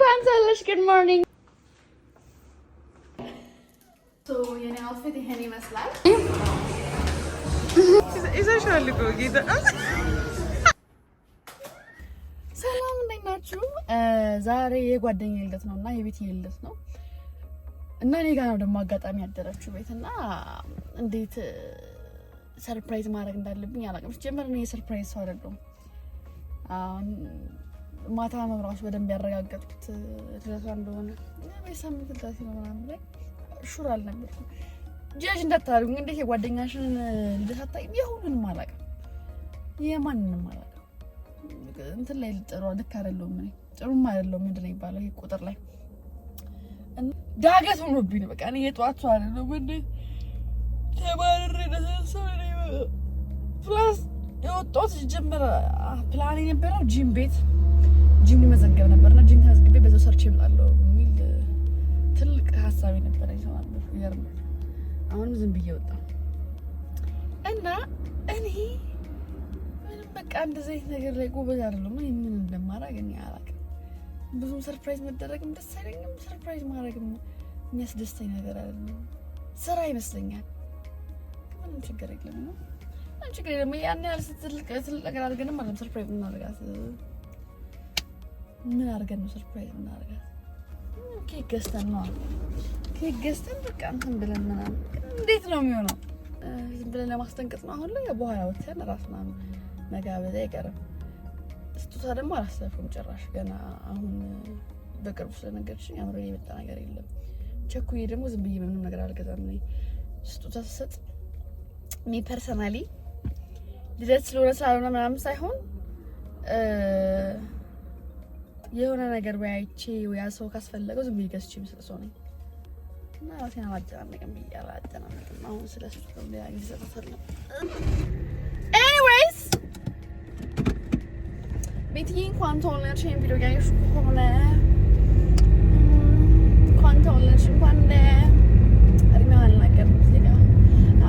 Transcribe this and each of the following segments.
ፓንት አለሽ። ሞርኒንግ። የኔ አውትፊት ይሄን ይመስላል። ይዘሻል እኮ ጌታ። ሰላም እንዴት ናችሁ? ዛሬ የጓደኛ ልደት ነው እና የቤት ልደት ነው እና እኔ ጋር ነው ደግሞ አጋጣሚ ያደረችው ቤት እና እንዴት ሰርፕራይዝ ማድረግ እንዳለብኝ አላውቅም። ጀመር የሰርፕራይዝ ሰው አይደለሁም። ማታ መብራዎች በደንብ ያረጋገጥኩት ድረቷ እንደሆነ ሳምንት ልዳሴ ምናምን ላይ ሹር አልነበርኩም። ጃጅ እንዳታደርጉ እንዴት የጓደኛሽን ልደት አታውቂም? የሁሉንም አላውቅም፣ የማንንም አላውቅም። እንትን ላይ ጥሩ ልክ አይደለሁም፣ እኔ ጥሩም አይደለሁም። ምንድን ነው የሚባለው ይሄ ቁጥር ላይ ዳገት ሆኖብኝ በቃ እኔ የጠዋት አይደለሁ ወንድ ተባረረ ደሰሰው ፕላስ የወጣሁት ጀምር ፕላን የነበረው ጂም ቤት ጂም ሊመዘገብ እና ጂም ተመዝግቤ በዛው ሰርች እመጣለሁ የሚል ትልቅ ሀሳቤ ነበረኝ። ሰማለሁ ይገርም። አሁንም ዝም ብዬ ወጣ እና እኔ ምንም በቃ እንደዚህ ነገር ላይ ጎበዝ አይደለሁም። እኔ ምን እንደማደርግ እኔ አላውቅም። ብዙም ሰርፕራይዝ መደረግም ደስ አይለኝም። ሰርፕራይዝ ማድረግም የሚያስደስተኝ ነገር አይደለም። ስራ ይመስለኛል። ምንም ችግር የለም ነው ችግር የለም። ያን ያህል ትልቅ ነገር አድርገንም አለም ሰርፕራይዝ እናደርጋት ምን አድርገን ነው ሰርፕራይዝ እናደርጋት? ኬክ ገዝተን ነው ኬክ ገዝተን በቃ እንትን ብለን ምናምን እንዴት ነው የሚሆነው? ዝም ብለን ለማስጠንቀጥ ነው። አሁን ላይ በኋላ ወተን ራስ ምናምን ነገ አይቀርም። ስጦታ ደግሞ አላሰብኩም ጭራሽ። ገና አሁን በቅርቡ ስለነገርሽኝ አምሮ የመጣ ነገር የለም። ቸኩዬ ደግሞ ዝም ብዬ ምንም ነገር አልገዛም። ስጦታ ስሰጥ እኔ ፐርሰናሊ ልደት ስለሆነ ስላልሆነ ምናምን ሳይሆን የሆነ ነገር ወይ ወያ ሰው ካስፈለገው ዝም ብዬ ገዝቼ የምሰጥ ሰው ነኝ እና ራሴን አላጨናነቅም ብዬ አላጨናነቅም። አሁን ስለ ነው ጊዜ ኤኒዌይስ ቤትዬ እንኳን ተወለድሽ ቪዲዮ ያየሽ ከሆነ እንኳን ተወለድሽ እንኳን እንደ እድሜ አልናገርም ዜጋ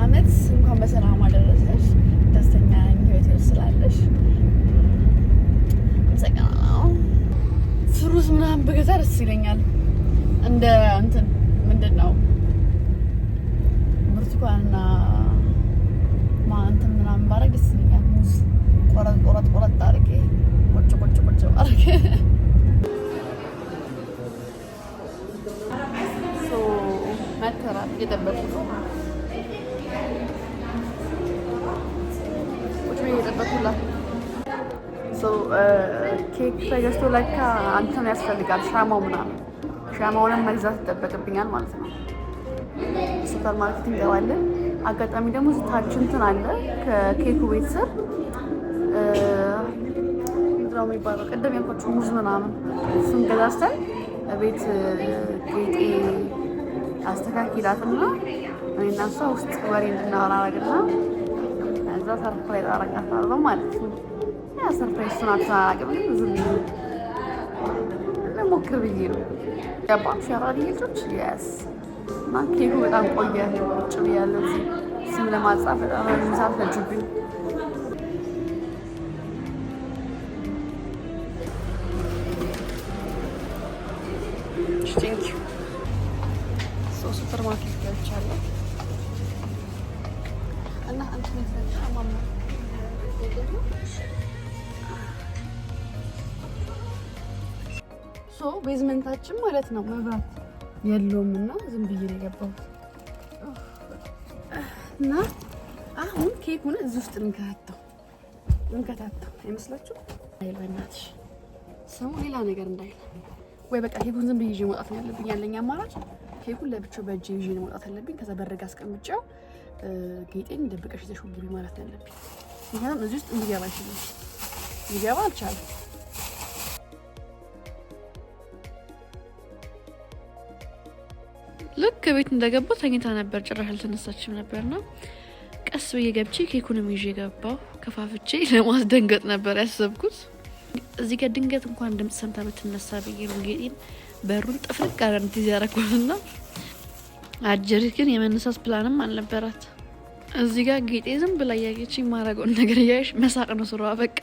አመት እንኳን በሰላም አደረሰሽ። ደስተኛ ህይወት ስላለሽ ሩዝ ምናምን ብገዛ ደስ ይለኛል። እንደ እንትን ምንድን ነው ብርቱካንና ማንትን ምናምን ባረግ ደስ ይለኛል። ሙዝ ቆረጥ ቆረጥ ቆረጥ አርጌ ቁጭ ቁጭ ቁጭ አርጌ መተራት ነው ኬክ ተገዝቶ ለካ አንተን ያስፈልጋል ሻማው ምናምን። ሻማውንም መግዛት ይጠበቅብኛል ማለት ነው። ሱፐር ማርኬት እንገባለን። አጋጣሚ ደግሞ ዝታች እንትን አለ ከኬኩ ቤት ስር ድራው የሚባለው ቅድም ያልኳቸው ሙዝ ምናምን እሱን ገዛዝተን ቤት ጌጤ አስተካኪላትና እኔና እሷ ውስጥ ወሬ እንድናወራ አረግና እዛ ሰርፕራይዝ አረጋታለሁ ማለት ነው። ሰርፕራይዝ ሆናችሁ አላውቅም፣ ግን ዝም ሞክር ብዬ ነው ገባም ሸራሪ ልጆች የስ እና ኬኩ በጣም ቆየ። ቁጭ ብያለሁ ስም ለማጻፍ በጣም ረዥም ሰዓት ፈጅብኝ። ሱፐር ማርኬት ገብቻለሁ እና አንቺ ሶ ቤዝመንታችን ማለት ነው መብራት የለውም እና ዝም ብዬ ነው የገባሁት። እና አሁን ኬኩን እዚህ ውስጥ እንከታተው እንከታተው አይመስላችሁ? አይ በእናትሽ ሰው ሌላ ነገር እንዳይል ወይ በቃ ኬኩን ዝም ብዬ ይዤ መውጣት ነው ያለብኝ። ያለኝ አማራጭ ኬኩን ለብቻው በእጄ ይዤ ነው መውጣት ያለብኝ። ከዛ በረጋ አስቀምጬው ጌጤን ደብቀሽ ይዘሽው ግቢ ማለት ነው ያለብኝ። ምክንያቱም እዚህ ውስጥ እንዲገባ ይችላል ሊገባ አልቻለም። ከቤት እንደገባሁ ተኝታ ነበር። ጭራሽ አልተነሳችም ነበርና ቀስ ብዬ ገብቼ ኬኩንም ይዤ ገባሁ። ከፋፍቼ ለማስደንገጥ ነበር ያሰብኩት። እዚህ ጋር ድንገት እንኳን ድምፅ ሰምታ ብትነሳ ብዬ ነው ጌጤን በሩን ጥፍርቅ አረንት ያረኩትና አጀሪ ግን የመነሳት ፕላንም አልነበራት። እዚህ ጋር ጌጤ ዝም ብላ እያየች ማረገውን ነገር እያየች መሳቅ ነው ስሯ። በቃ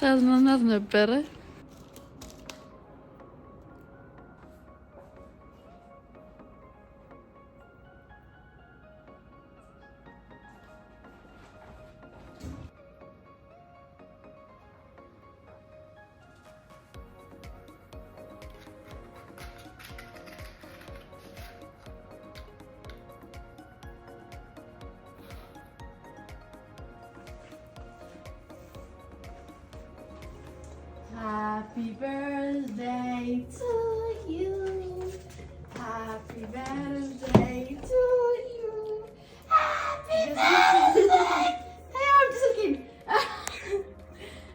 ሳዝናናት ነበረ። Happy birthday to you. Happy birthday to you. Happy birthday. Hey, I'm Hej, mam piosenki.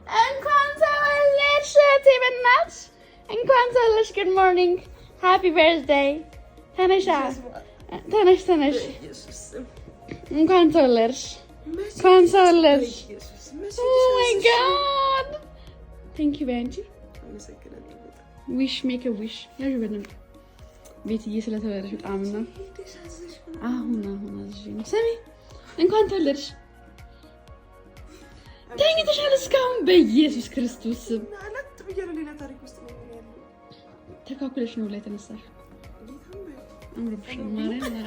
En kwanza leszcze tebe nasz. En kwanza lesz good morning. Happy birthday. Tanisha. Tanish, Tanish. En kwanza lesz. Kwanza lesz. Oh my god. Thank you, Angie. አመሰግናለሁ። ዊሽ ሜክ ዊሽ ያዥ በደንብ ቤትዬ ስለተወለደሽ በጣም ነው። አሁን አሁን አዝሽ ስሚ፣ እንኳን ተወለድሽ። ተኝተሻል እስካሁን በኢየሱስ ክርስቶስ ተካክለሽ ነው ላይ ተነሳሽ።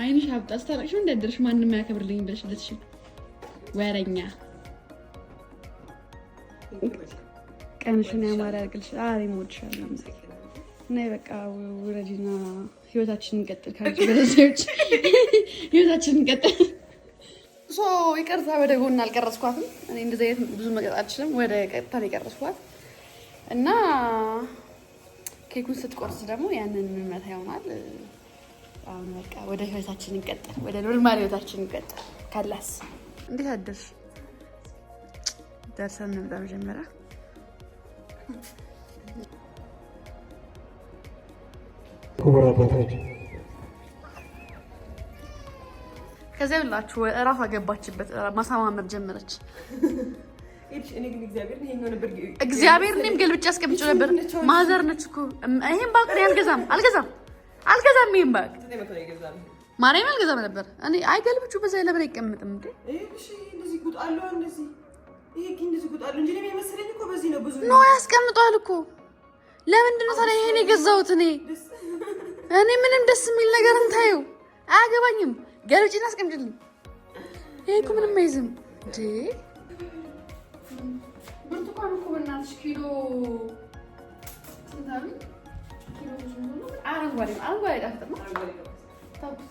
አይንሽ ሀብጣ ስታረቅሽ እንዳደርሽ ማንም ያከብርልኝ ብለሽ ወረኛ ቀንሽን ያማረ ያርግልሽ። አሪ ሞድሻል እና በቃ ውረጂና ህይወታችንን እንቀጥል። ከአንቺ በደሴዎች ህይወታችንን እንቀጥል። ሶ ይቅርታ፣ ወደ ጎን አልቀረስኳትም። እኔ እንደዚህ አይነት ብዙ መቅረጽ አልችልም። ወደ ቀጥታ ነው የቀረስኳት እና ኬኩን ስትቆርስ ደግሞ ያንን የምንመታ ይሆናል። አሁን በቃ ወደ ህይወታችን እንቀጥል፣ ወደ ኖርማል ህይወታችን እንቀጥል። ካላስ እንዴት አደርሽ? ደርሰን እንምጣ መጀመሪያ ክቡር አባታችን ከዚያ ብላችሁ እራሷ ገባችበት ማሳማመር ጀመረች። እግዚአብሔር እኔም ገልብጭ አስቀምጬ ነበር። ማዘር ነች እኮ ይሄን ባቅ አልገዛም አልገዛም አልገዛም ይሄን ባቅ ማርያም አልገዛም ነበር። እኔ አይ ገልብጩ በዛ ለምን አይቀምጥም እንዴ? ኖ ያስቀምጧል እኮ ለምንድን ነው ታዲያ ይሄን የገዛሁት? እኔ እኔ ምንም ደስ የሚል ነገር እንታየው አያገባኝም። ገልጭን አስቀምጭልኝ። ይሄ እኮ ምንም አይዝም እንዴ! ብርቱካን እኮ በእናትሽ ኪሎ አረንጓዴ አረንጓዴ ጣፍጥ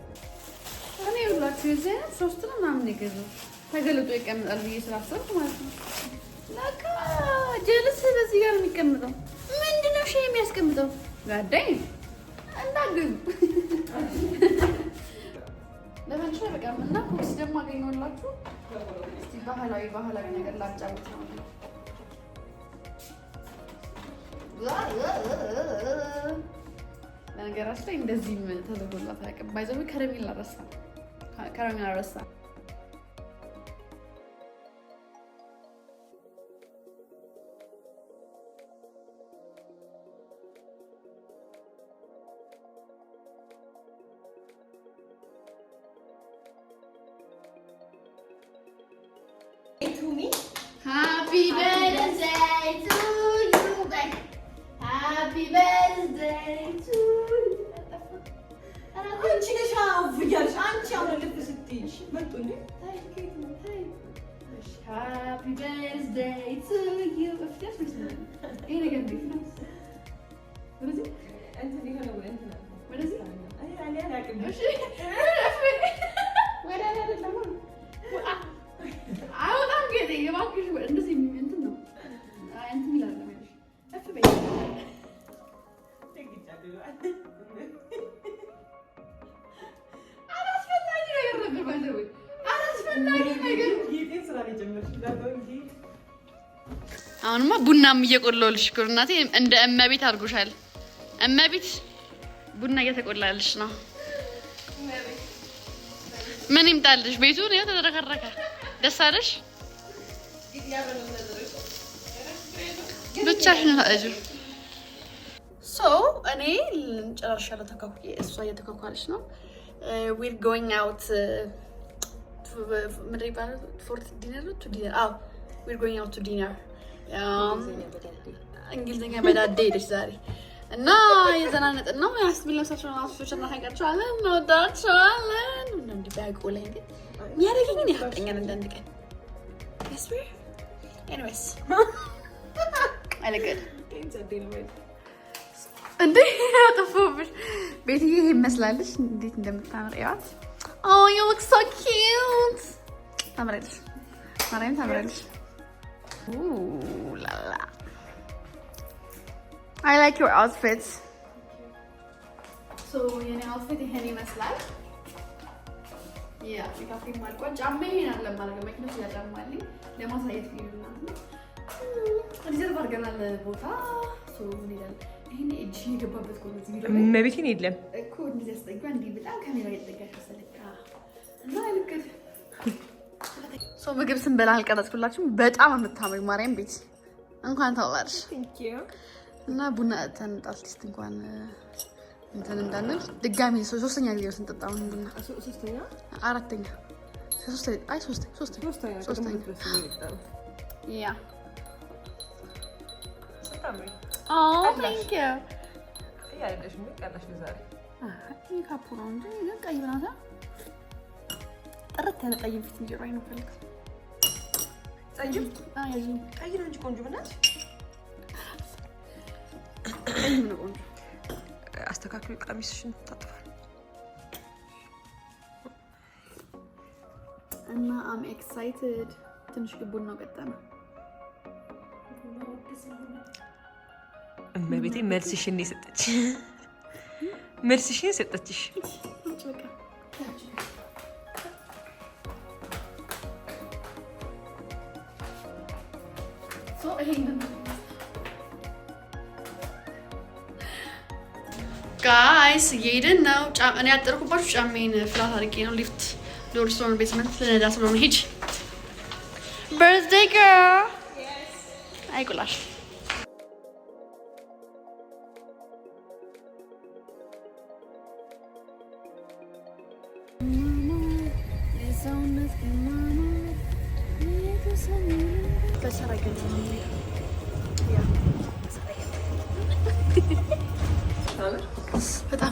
እኔ ሁላችሁ የዚህ አይነት ሶስት ነው ምናምን የገዛው ተገልጦ ይቀመጣል ብዬ ስላሰብኩ ማለት ነው። በቃ ጀልስ በዚህ ጋር የሚቀምጠው። ምንድን ነው ሺ የሚያስቀምጠው ጋዳይ እንዳግዙ ለመንሻ በቃም እና ኮክስ ደግሞ አገኘሁላችሁ። እስቲ ባህላዊ ባህላዊ ነገር ላጫውት ነው በነገራችን ላይ እንደዚህም ተዘጎላት አያውቅም። ባይዘው ከረሜላ ረሳ 카라멜 아, 알았어 አሁንማ ቡናም እየቆለሁልሽ እኮ እናቴ፣ እንደ እመቤት አድርጎሻል። እመቤት ቡና እየተቆላልሽ ነው። ምን ይምጣልሽ? ቤቱ ነው ተደረከረከ። ደስ አለሽ? ብቻሽ ነው ታእጁ ሰው እኔ ጭራሽ ያለ ተካኩ እሷ እየተካኳለች ነው። ዊር ጎይንግ አውት ምንድን ይባላል? ፎርት ዲነር ቱ ዲነር አዎ፣ ዊር ጎይንግ አውት ቱ ዲነር። እንግሊዝኛ በዳዴ ሄደች ዛሬ እና የዘናነጥን ነው ያስሚል ለብሳቸውን ማሶች እናሳቃቸዋለን፣ እንወዳቸዋለን። እንዲ ቢያውቁ ላይ ግን የሚያደርገኝን ያፈጠኛል አንዳንድ ቀን ኤኒዌይስ አለቀድ እንዴ ያጠፋብሽ ቤትዬ ይመስላለች። እንዴት እንደምታምር ያዋት Oh, you look so cute! Tamrelli. Marijn Tamrelli. Ooh la la. I like your outfit. ሶ የኔ አውትፊት ይሄን ይመስላል። ያ ሜካፕ ማልቋ ጫማዬን አለ ማድረግ መኪኖች ያጫማልኝ ለማሳየት ነው። ሪዘርቭ አድርገናል ቦታ ሶ እንሄዳለን መቤቴን የለም ምግብ ስንበላ አልቀረጽኩላችሁም። በጣም የምታምሪ ማርያም ቤት እንኳን ተወባርሽ እና ቡና ተንጣል እንኳን እንትን እንዳንል ድጋሚ ሶስተኛ ጊዜ ስንጠጣው ቡና አራተኛ ሶስተኛ አዎ ቴንክ ዩ። ካፑራ እንጂ ግን ቀይ ናታ። ጥርት ያለ ቀይ ፊት እንጀራ ነው ፈልግ ቀይ ነው እንጂ ቆንጆ ብናት ቀይ ነው ቆንጆ። አስተካክሉ ቀሚስሽን ታጥፋል እና አም ኤክሳይትድ ትንሽ ግቡን ነው ገጠመ እመቤቴ መልስሽን የሰጠች መልስሽን የሰጠችሽ ጋይስ እየሄድን ነው። እኔ ያጠርኩባችሁ ጫሜን ፍላት አድርጌ ነው። ሊፍት ዶርስቶን ቤዝመንት ልነዳ ስለሆነ ሂጅ በርዝዴይ ገርል አይቁላሽ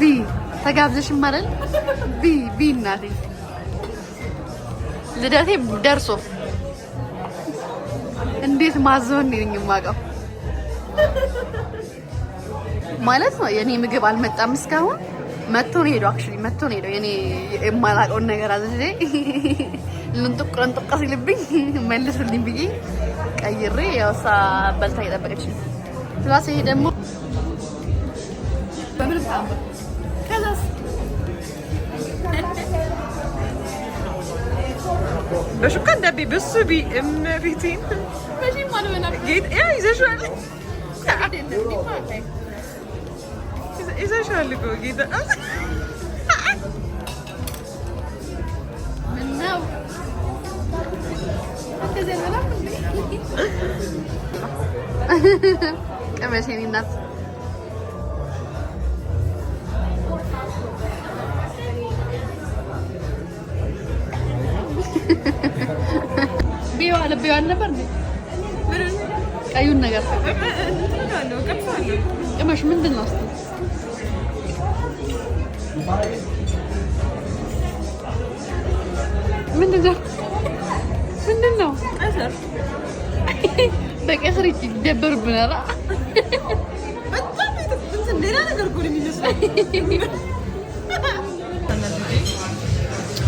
ቪ ተጋብዘሽ ማለት ቪ ቪ እናቴ ልደቴ ደርሶ እንዴት ማዘውን ነው የማውቀው ማለት ነው። የኔ ምግብ አልመጣም እስካሁን። መጥቶ ነው ሄዶ አክቹሊ መጥቶ ነው ሄዶ የኔ የማላውቀውን ነገር አዘዘ። ልንጥቅ ልንጥቅ ሲልብኝ መልስልኝ ብዬ ቀይሬ ያው እሷ በልታ እየጠበቀች ነው። ስለዚህ ደግሞ باش kan dat bij bussen bij een beetje. Misschien moeten we naar. Geht er? Ist er schon? Ja. Ist er schon lecker? Geht er? من نو حتى زي ما ناكل كم شيء الناس ቢዋ ለቢዋ ነበር እንዴ? ቀዩን ነገር ቅመሽ ምንድን ነው? ምንድን ነው? ምንድን ነው? በቀስር ይደበርብናል።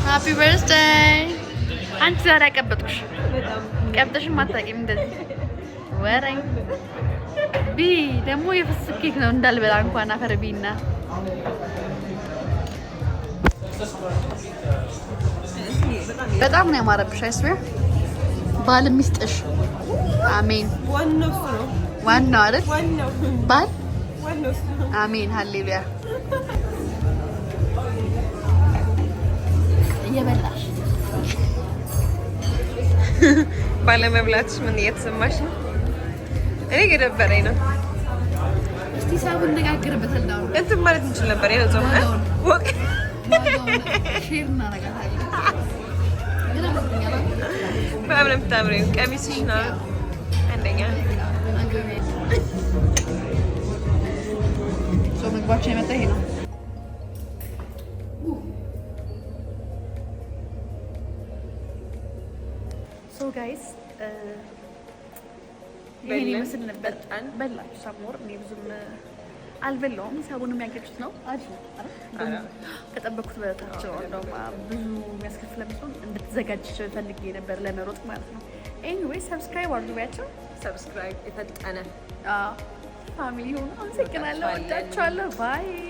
ሃፒ አንቺ ዛሬ አቀበጥኩሽ። ቀብጠሽም አታውቂም። እንደዚህ ወረኝ ቢ ደግሞ የፍስክ ኬክ ነው እንዳልበላ እንኳን አፈር ቢና በጣም ነው ያማረብሽ። አይስቤ ባል ሚስጥሽ። አሜን። ዋናው አይደል ባል። አሜን። ሃሌሉያ እየበላ ባለመብላትሽ ምን እየተሰማሽ ነው? እኔ እየደበረኝ ነው። እስቲ ሳቡ እንነጋገርበታለን። አሁን እንትን ማለት እንችል ነበር። ይኸው ዞም ወቅ ሼር እናደርጋታለን። በጣም ነው የምታምሪው። ቀሚስሽ ነው አንደኛ። ምግባችን የመጣ ነው ሶ ጋይስ uh, ይሄን ይመስል ነበር። በላችሁ ሳሞር እኔ ብዙም uh, አልበላውም። ነው ከጠበኩት በታች ነው። uh, ብዙ እንድትዘጋጅ ፈልጌ ነበር ለመሮጥ ማለት ነው። ኤኒዌይ ሰብስክራይብ ሰብስክራይብ የፈጠነ ፋሚሊ ሆኑ። አመሰግናለሁ። ወዳችኋለሁ። ባይ